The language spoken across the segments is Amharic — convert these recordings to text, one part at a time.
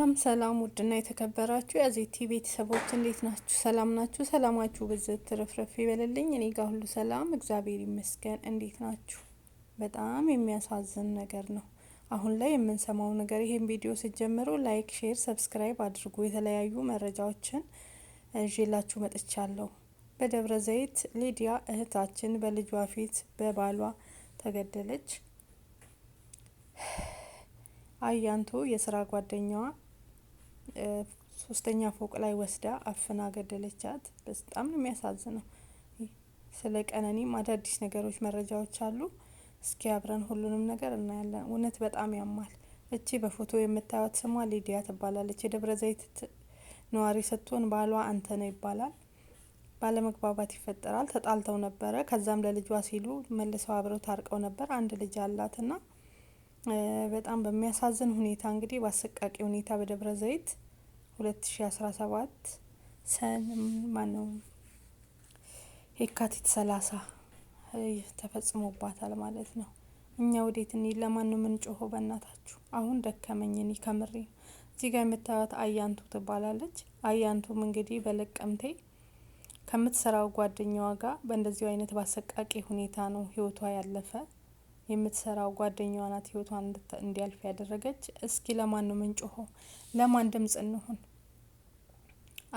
ሰላም ሰላም ውድና የተከበራችሁ የአዜቲ ቤተሰቦች እንዴት ናችሁ? ሰላም ናችሁ? ሰላማችሁ ብዝት ትርፍርፍ ይበልልኝ። እኔ ጋር ሁሉ ሰላም እግዚአብሔር ይመስገን። እንዴት ናችሁ? በጣም የሚያሳዝን ነገር ነው አሁን ላይ የምንሰማው ነገር። ይህን ቪዲዮ ስትጀምሩ ላይክ፣ ሼር፣ ሰብስክራይብ አድርጉ። የተለያዩ መረጃዎችን ይዤላችሁ መጥቻለሁ። በደብረ ዘይት ሊዲያ እህታችን በልጇ ፊት በባሏ ተገደለች። አያንቱ የስራ ጓደኛዋ ሶስተኛ ፎቅ ላይ ወስዳ አፍና ገደለቻት። በጣም ነው የሚያሳዝነው። ስለ ቀነኒም አዳዲስ ነገሮች መረጃዎች አሉ። እስኪ አብረን ሁሉንም ነገር እናያለን። እውነት በጣም ያማል። እቺ በፎቶ የምታዩት ስሟ ሊዲያ ትባላለች። የደብረ ዘይት ነዋሪ ስትሆን ባሏ አንተ ነው ይባላል። ባለመግባባት ይፈጠራል። ተጣልተው ነበረ። ከዛም ለልጇ ሲሉ መልሰው አብረው ታርቀው ነበር። አንድ ልጅ አላትና በጣም በሚያሳዝን ሁኔታ እንግዲህ በአሰቃቂ ሁኔታ በደብረ ዘይት ሰባት ሰን ማነው የካቲት ሰላሳ ተፈጽሞባታል ማለት ነው። እኛ ወዴት እኒ ለማን ነው የምንጮኸው? በእናታችሁ አሁን ደከመኝ። እኔ ከምሬ እዚህ ጋር የምታዩት አያንቱ ትባላለች። አያንቱም እንግዲህ በለቀምቴ ከምትሰራው ጓደኛዋ ጋር በእንደዚሁ አይነት በአሰቃቂ ሁኔታ ነው ህይወቷ ያለፈ። የምትሰራው ጓደኛዋ ናት ህይወቷን እንዲያልፍ ያደረገች። እስኪ ለማን ነው ምንጮኸው? ለማን ድምጽ እንሆን?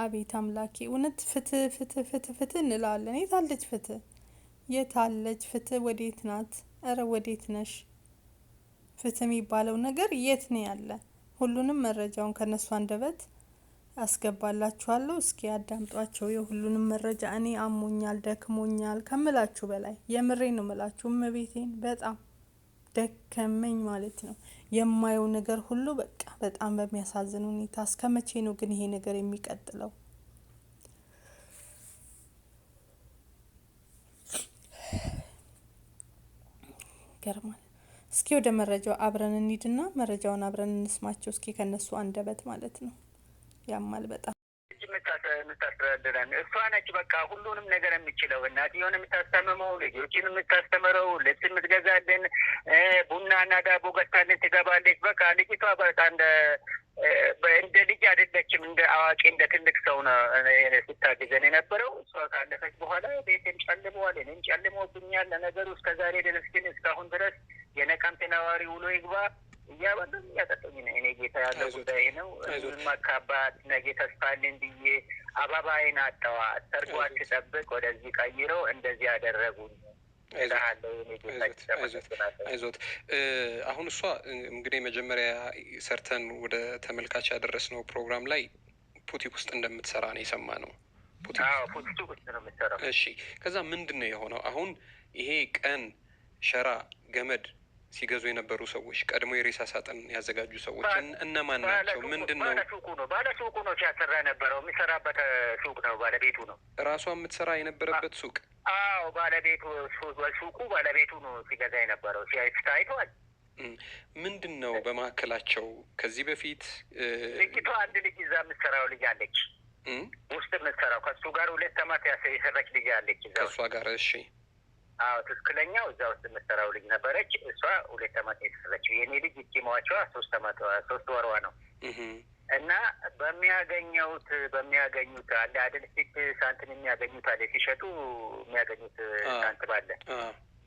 አቤት አምላኬ እውነት ፍትህ ፍትህ ፍትህ ፍትህ እንላለን። የታለች ፍትህ? የታለች ፍትህ? ወዴት ናት? እረ ወዴት ነሽ? ፍትህ የሚባለው ነገር የት ነው ያለ? ሁሉንም መረጃውን ከነሱ አንደበት አስገባላችኋለሁ እስኪ አዳምጧቸው። የሁሉንም መረጃ እኔ አሞኛል ደክሞኛል ከምላችሁ በላይ የምሬ ነው ምላችሁ። እመቤቴን በጣም ደከመኝ ማለት ነው። የማየው ነገር ሁሉ በቃ በጣም በሚያሳዝን ሁኔታ እስከ መቼ ነው ግን ይሄ ነገር የሚቀጥለው? ይገርማል። እስኪ ወደ መረጃው አብረን እንሂድና መረጃውን አብረን እንስማቸው እስኪ ከነሱ አንደበት ማለት ነው። ያማል በጣም የምታስተዳድረ እሷ ነች በቃ ሁሉንም ነገር የምችለው እናትየውን የምታስተምመው ልጆችን የምታስተምረው ልብስ የምትገዛልን ቡናና ዳቦ ገታልን ትገባለች። በቃ ልጅቷ በቃ እንደ እንደ ልጅ አይደለችም፣ እንደ አዋቂ እንደ ትልቅ ሰው ነው ስታግዘን የነበረው። እሷ ካለፈች በኋላ ቤቴም ጨልመዋል፣ እኔም ጨልሞብኛል። ለነገሩ እስከዛሬ ድረስ ግን እስካሁን ድረስ የነቀምቴ ነዋሪ ውሎ ይግባ እያበሉኝ እያጠጡኝ ነው። እኔ ጌታ ያለው ጉዳይ ነው። መካባት ነገ ተስፋልን ብዬ አባባይን አጠዋ ሰርጓች ጠብቅ ወደዚህ ቀይረው እንደዚህ ያደረጉኝ። አይዞት አሁን እሷ እንግዲህ መጀመሪያ ሰርተን ወደ ተመልካች ያደረስነው ፕሮግራም ላይ ፑቲክ ውስጥ እንደምትሰራ ነው የሰማ ነው። ውስጥ ነው የምትሰራው። እሺ፣ ከዛ ምንድን ነው የሆነው? አሁን ይሄ ቀን ሸራ ገመድ ሲገዙ የነበሩ ሰዎች ቀድሞ የሬሳ ሳጥን ያዘጋጁ ሰዎች እነማን ናቸው? ምንድን ነው? ነው ባለ ሱቁ ነው ሲያሰራ የነበረው የሚሰራበት ሱቅ ነው ባለቤቱ ነው። እራሷ የምትሰራ የነበረበት ሱቅ? አዎ ባለቤቱ ሱቁ ባለቤቱ ነው ሲገዛ የነበረው ታይቷል። ምንድን ነው በመካከላቸው ከዚህ በፊት ልጅቷ አንድ ልጅ እዛ የምትሰራው ልጅ አለች ውስጥ የምትሰራው ከሱ ጋር ሁለት ተማት የሰራች ልጅ አለች ከእሷ ጋር እሺ አዎ ትክክለኛው እዛ ውስጥ የምትሰራው ልጅ ነበረች። እሷ ሁለት አመት የተሰረችው የእኔ ልጅ እቺ መዋቿ ሶስት አመት ሶስት ወሯ ነው እና በሚያገኘውት በሚያገኙት አለ አይደል ሴት ሳንትን የሚያገኙት አለ ሲሸጡ የሚያገኙት ሳንት ባለ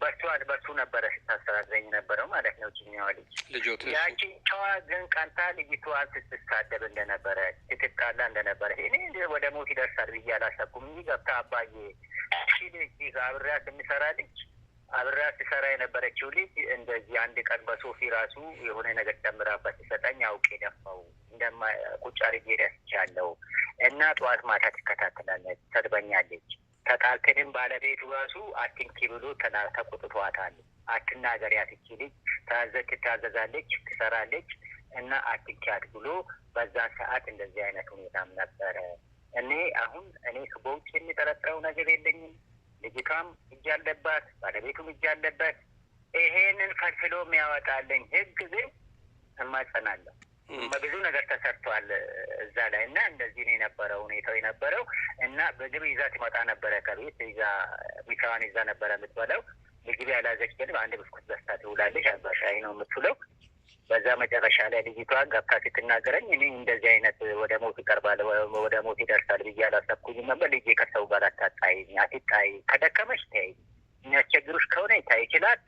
በሱ በሱ ነበረ ስታስተራዘኝ ነበረው ማለት ነው። ችኛዋ ልጅ ያቺ ጨዋ ግን ቀንታ ልጅቱ ልጅቷ ስትሳደብ እንደነበረ ስትጣላ እንደነበረ እኔ ወደ ሞት ይደርሳል ብዬ አላሰብኩም። ይህ ገብታ አባዬ እሺ ልጅ አብሬያት የሚሰራ ልጅ አብሬያት ሲሰራ የነበረችው ልጅ እንደዚህ አንድ ቀን በሶፊ ራሱ የሆነ ነገር ጨምራበት ሲሰጠኝ አውቄ ደፋው እንደማ ቁጭ አድርጌ ደስቻለሁ እና ጠዋት ማታ ትከታተላለች፣ ተድበኛለች። ተጣልክንም ባለቤቱ ራሱ አትንኪ ብሎ ተቆጥቷታል። አትናገሪያት ይቺ ልጅ ታዘች፣ ትታዘዛለች፣ ትሰራለች እና አትንኪያት ብሎ በዛ ሰዓት እንደዚህ አይነት ሁኔታም ነበረ። እኔ አሁን እኔ በውጭ የሚጠረጥረው ነገር የለኝም። ልጅቷም እጅ አለባት፣ ባለቤቱም እጅ አለበት። ይሄንን ፈልፍሎ የሚያወጣልኝ ህግ ግን እማጸናለሁ። በብዙ ነገር ተሰርቷል እዛ ላይ እና እንደዚህ ነው የነበረው ሁኔታው የነበረው እና ምግብ ይዛ ትመጣ ነበረ ከቤት ይዛ ሚሰዋን ይዛ ነበረ የምትበላው ምግብ ያላዘች ግን በአንድ ብስኩት በስታ ትውላለች። አባሻይ ነው የምትውለው በዛ መጨረሻ ላይ ልጅቷ ገብታ ስትናገረኝ እኔ እንደዚህ አይነት ወደ ሞት ይቀርባል ወደ ሞት ይደርሳል ብዬ አላሰብኩኝም ነበር። ልጅ ከሰው ጋር አታጣይኝ፣ አትጣይ፣ ከደከመች ተይ፣ የሚያስቸግሩሽ ከሆነ ይታይ ይችላል።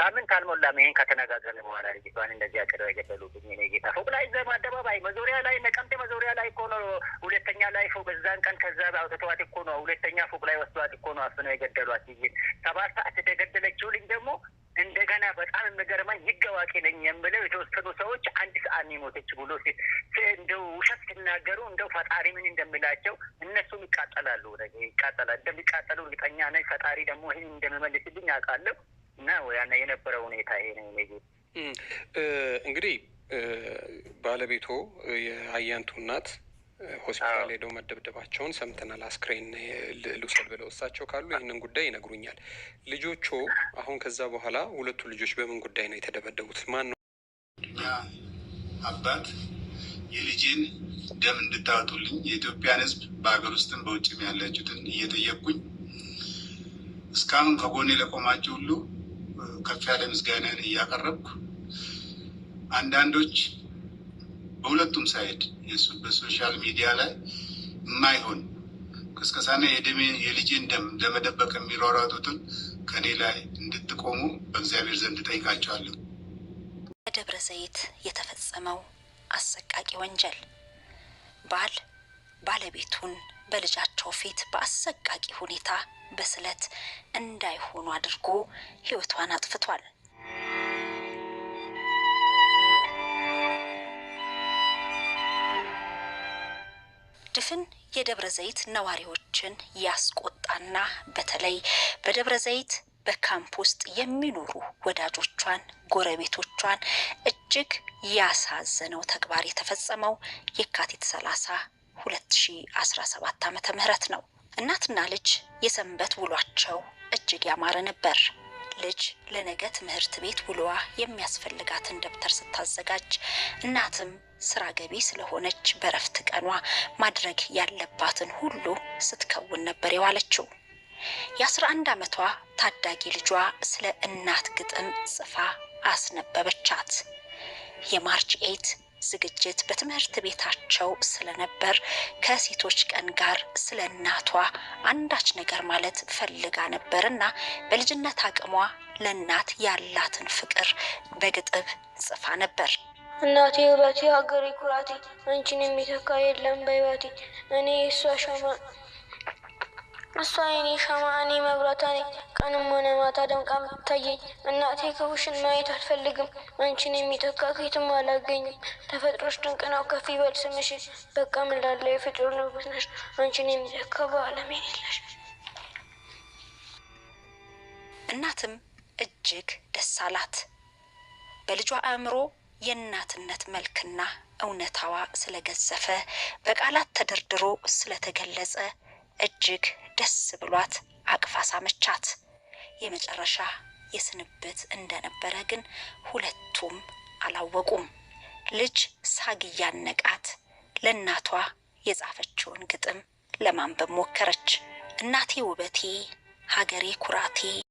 ሳምንት አልሞላም ይሄን ከተነጋገርን በኋላ ልጅቷን እንደዚህ አቅደው የገደሉብኝ። እኔ ጌታ ፎቅ ላይ ዘም አደባባይ መዞሪያ ላይ ነቀምቴ መዞሪያ ላይ እኮ ነው ሁለተኛ ላይ ፎቅ በዛን ቀን ከዛ አውጥተዋት እኮ ነው ሁለተኛ ፎቅ ላይ ወስዷት እኮ ነው አፍነው የገደሏት። ሰባት ሰዓት የተገደለችው ልጅ ደግሞ ታዋቂ ነኝ የምለው የተወሰኑ ሰዎች አንድ ሰዓት የሚሞተች ብሎ እንደው ውሸት ሲናገሩ እንደው ፈጣሪ ምን እንደሚላቸው እነሱም ይቃጠላሉ፣ ይቃጠላል። እንደሚቃጠሉ እርግጠኛ ነኝ። ፈጣሪ ደግሞ ይህን እንደሚመልስልኝ አውቃለሁ። እና ያና የነበረው ሁኔታ ይሄ ነው። እንግዲህ ባለቤቶ የአያንቱ እናት ሆስፒታል ሄደው መደብደባቸውን ሰምተናል። አስክሬን ልውሰድ ብለው እሳቸው ካሉ ይህንን ጉዳይ ይነግሩኛል። ልጆቹ አሁን ከዛ በኋላ ሁለቱ ልጆች በምን ጉዳይ ነው የተደበደቡት? ማን ነው አባት የልጄን ደም እንድታወጡልኝ የኢትዮጵያን ሕዝብ በሀገር ውስጥም በውጭም ያላችሁትን እየጠየቅኩኝ እስካሁን ከጎኔ ለቆማችሁ ሁሉ ከፍ ያለ ምስጋናን እያቀረብኩ አንዳንዶች በሁለቱም ሳይድ በሶሻል ሚዲያ ላይ የማይሆን ቅስቀሳና የደሜ የልጄን ደም ለመደበቅ የሚሯሯጡትን ከኔ ላይ እንድትቆሙ በእግዚአብሔር ዘንድ ጠይቃቸዋለሁ። በደብረ ዘይት የተፈጸመው አሰቃቂ ወንጀል ባል ባለቤቱን በልጃቸው ፊት በአሰቃቂ ሁኔታ በስለት እንዳይሆኑ አድርጎ ሕይወቷን አጥፍቷል። ድፍን የደብረ ዘይት ነዋሪዎችን ያስቆጣና በተለይ በደብረ ዘይት በካምፕ ውስጥ የሚኖሩ ወዳጆቿን፣ ጎረቤቶቿን እጅግ ያሳዘነው ተግባር የተፈጸመው የካቲት 30 2017 ዓመተ ምህረት ነው። እናትና ልጅ የሰንበት ውሏቸው እጅግ ያማረ ነበር። ልጅ ለነገ ትምህርት ቤት ውሏ የሚያስፈልጋትን ደብተር ስታዘጋጅ እናትም ስራ ገቢ ስለሆነች በረፍት ቀኗ ማድረግ ያለባትን ሁሉ ስትከውን ነበር የዋለችው። የ11 ዓመቷ ታዳጊ ልጇ ስለ እናት ግጥም ጽፋ አስነበበቻት። የማርች ኤት ዝግጅት በትምህርት ቤታቸው ስለነበር ከሴቶች ቀን ጋር ስለ እናቷ አንዳች ነገር ማለት ፈልጋ ነበር እና በልጅነት አቅሟ ለእናት ያላትን ፍቅር በግጥም ጽፋ ነበር። እናቴ ውበቴ፣ ሀገሬ ኩራቴ፣ አንቺን የሚተካ የለም በይባቴ እኔ እሷ ሸማ፣ እሷ የኔ ሸማ፣ እኔ መብራታ ነኝ፣ ቀንም ሆነ ማታ ደምቃ የምትታየኝ እናቴ። ክፉሽን ማየት አልፈልግም፣ አንቺን የሚተካ ከየትም አላገኝም። ተፈጥሮች ድንቅ ነው፣ ከፍ ይበል ስምሽን። በቃ ምን ላለው የፍጡር ንጉሥ ነሽ፣ አንቺን የሚተካ በዓለም የሌለሽ። እናትም እጅግ ደስ አላት በልጇ አእምሮ የእናትነት መልክና እውነታዋ ስለገዘፈ በቃላት ተደርድሮ ስለተገለጸ እጅግ ደስ ብሏት አቅፋ ሳመቻት። የመጨረሻ የስንብት እንደነበረ ግን ሁለቱም አላወቁም። ልጅ ሳግያነቃት ለእናቷ የጻፈችውን ግጥም ለማንበብ ሞከረች። እናቴ ውበቴ፣ ሀገሬ ኩራቴ